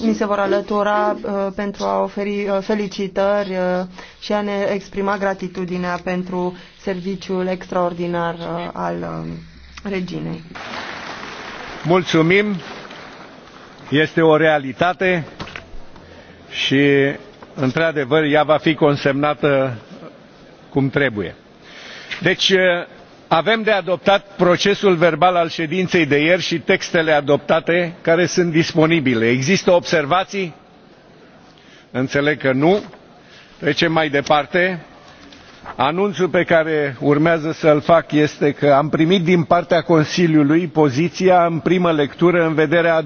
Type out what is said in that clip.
mi se vor alătura uh, pentru a oferi uh, felicitări uh, și a ne exprima gratitudinea pentru serviciul extraordinar al um, reginei. Mulțumim! Este o realitate și, într-adevăr, ea va fi consemnată cum trebuie. Deci, avem de adoptat procesul verbal al ședinței de ieri și textele adoptate care sunt disponibile. există observații? înțeleg că nu. trecem mai departe. anunțul pe care urmează să l fac este că am primit din partea consiliului poziția în primă lectură în vederea